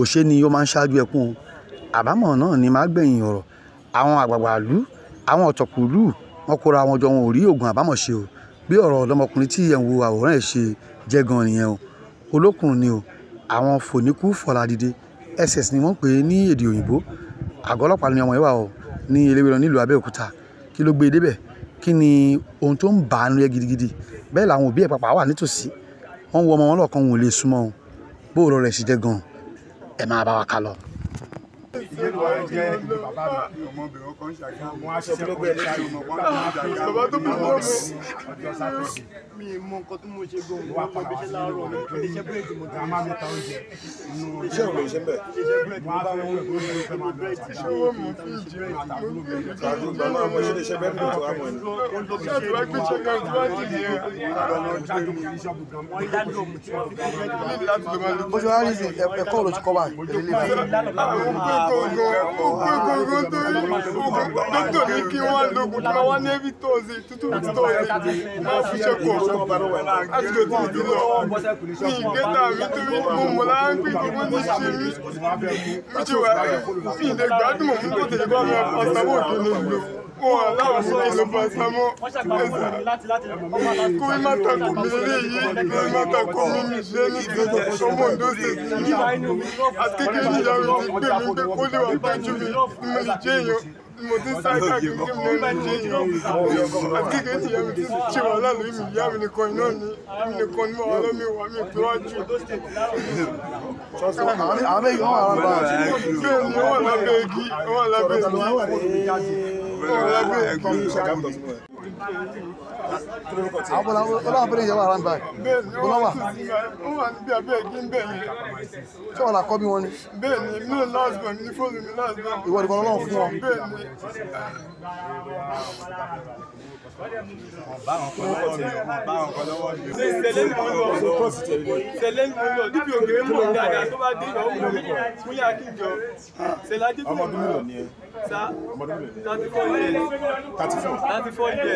òṣè ni ó máa ń ṣáájú ẹkún o àbámọ̀ náà ni máa gbẹ̀yìn ọ̀rọ̀ àwọn àgbàgbàlú àwọn ọ̀tọ̀kùlú wọn kóra wọn jọ wọn ò rí oògùn àbámọ̀ ṣe o bí ọ̀rọ̀ ọ̀dọ́mọkùnrin tí ẹ̀ ń wo àwòrán ẹ̀ ṣe jẹ́ gan nìyẹn o olókùnrin ni o àwọn fòníkú fọ̀ládìde ss ni wọ́n pè é ní èdè òyìnbó àgọ́ ọlọ́pàá ni ọmọ yẹn wà o ní eléwéran nílùú Abẹ́òkúta kí ló gbé e débẹ̀ kí ni ohun tó ń bà á nu yẹ wọn lọ rẹ̀ sì jẹ́ gan-an ẹ máa bá wa ká lọ ìyẹ́nu wa jẹ́ bàbá mi ọmọbìnrin kan ṣàkíyàn wọn á ṣiṣẹ́ kó ṣàyè ọmọ wọn á ṣàyè bàbá tó bí wọn lò ọjọ́ sátọ́sì. mi mọ nǹkan tó mọ ṣe gan mo wá padà wá sí ìlú mi torí iṣẹ́ búrẹ́dì mo tẹ̀ máa mi ta oúnjẹ. iṣẹ́ òun iṣẹ́ bẹ́ẹ̀. iṣẹ́ búrẹ́dì mo bá wọn wọ̀ lórí ìfẹ́ máa bẹ̀rẹ̀ tí ṣé wọ́n mú fún ìjì rẹ̀ bó ṣe wá rí sí ẹ̀kọ́ òròṣìkọ́ wa ìrìlẹ̀ ògògògò torí dókítà ní kí wọ́n lògùn tí wọ́n ní ẹbí tóòsì tútù tóòsì máa fi ṣẹ́kù àtúntò tí mo ti lọ ní ìgbẹ́ta mi torí mo mọ̀ láwọn pé kí wọ́n ní ṣe mí mi ti wà ní ìdẹ́gbàdùn mọ̀ mú kó tẹ̀lé bá mi ọ̀sán wọn aláwọ̀ sọ ìlú pàṣẹmọ́ kó má takò mí léyìí kó má takò mí mi lé ní ìgbésẹ̀ sọmọ Ondo State akéké níyàwó ti gbé mi gbé kó lè wà pẹ́jú mi mo sì jẹ́ èèyàn mo ti sá káàkiri kí mo máa jẹ èèyàn akéké níyàwó ti ṣe wàhálà lórí mi ìyá mi nìkan iná ni mi nìkan ni mo wà lọ́mí wà mí tó wájú. àbẹ́yìn wọn wà lábẹ́ igi wọn wà lábẹ́ igi ẹgbẹ́ ọ̀gá mi lọ sí mọ́ ẹ àwọn bọ́lá bọ́lá bọ́lá yẹn wà rán báyìí bọ́lá wà. ó wà níbi bí wọ́n ní ìwọ ìbọn ọlọ́run fún wọn. bẹ́ẹ̀ ni. Thirty four years. Thirty four years.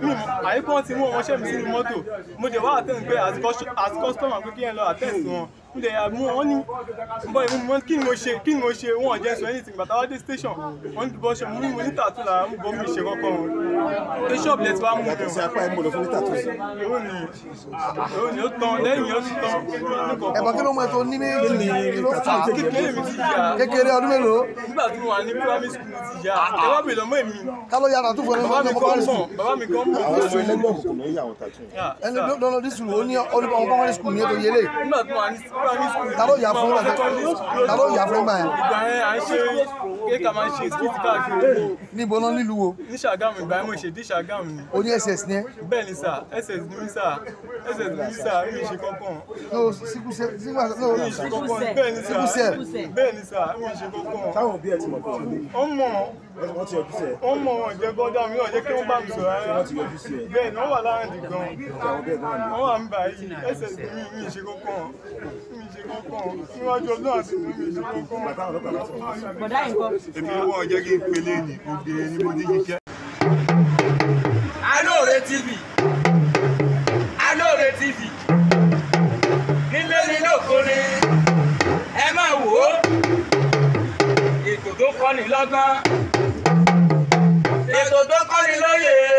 inú àyíkọ́ ti mú wọn ṣẹ́mi sínú mọ́tò mo dẹ̀ wá àtẹ̀ ń gbé as customer pé kí ẹ lọ àtẹ̀ wọn ilẹ̀ àmú wọn ní bọ́ ìmú mọ́ kí ni mo ṣe kí ni mo ṣe wọn jẹ́ sọ anything bàtà wá dé station wọn ti bọ́ ṣe mú mi ní tàtú là ń bọ́ mi ṣe kọ́kọ́ wọn pé ṣọ́ọ̀bù lẹ́tí wá mú mi. yàtọ̀ sí apá ìmọ̀lẹ̀ fún ní tàtú sí. yóò ní yóò ní ó tán lẹ́yìn yóò ti tán. ẹ̀bọ̀ kí ló mọ ètò ní méjì kí ló fà á. kékeré mi ti yà. kékeré ọdún mélòó. nígbà tí wà ní primary school ti ah, ah. yà ẹ wá mi lọ́mọ èmi. kálọ̀ yàrá tó fọ ẹni tó lọ́nà dísù ó ní ọmọ primary school ní ètò yẹlẹ̀. nígbà tí wà ní ta ló yà fún ẹ ta ló yà fún ẹ báyìí. ìgbà yẹn à ń ṣe kéka máa ń ṣe skit káàkiri. níbo lọ nílùú wo. ní Ṣàgámù ìgbà yẹn mo ṣe dí Ṣàgámù ni. o ní ss ni bẹ́ẹ̀ ni sà ss ni sà ss ni sà mi ì ṣe kankan. no sikusẹ sikusẹ no sikusẹ bẹ́ẹ̀ ni sà bẹ́ẹ̀ ni sà mi ì ṣe kankan. táwọn òbí ẹ ti mọ̀ pé o mọ̀ wọ́n ti yọjú sí ẹ. wọ́n mọ wọn jẹ mi náà kí wọ́n bá mi sọ̀rọ̀ rárá. wọ́n ti yọjú sí ẹ. bẹ́ẹ̀ ni wọ́n wà láàrin gan. wọ́n wà ń bà yìí ẹsẹ̀ mi mi ṣe kọ́kọ́ mi ṣe kọ́kọ́ níwájú ọdún àti mi mi ṣe kọ́kọ́. bọ̀dá yìí kọ́. èmi wọ́n jẹ́ kí n pele ní obìnrin ni mo ní yíṣẹ́. Alore TV Alore TV nílé ni lóko ni ẹ máa wò ó ètò tó kọ́ni lọ́gán òtòtọ́ kọ́ ni lóye.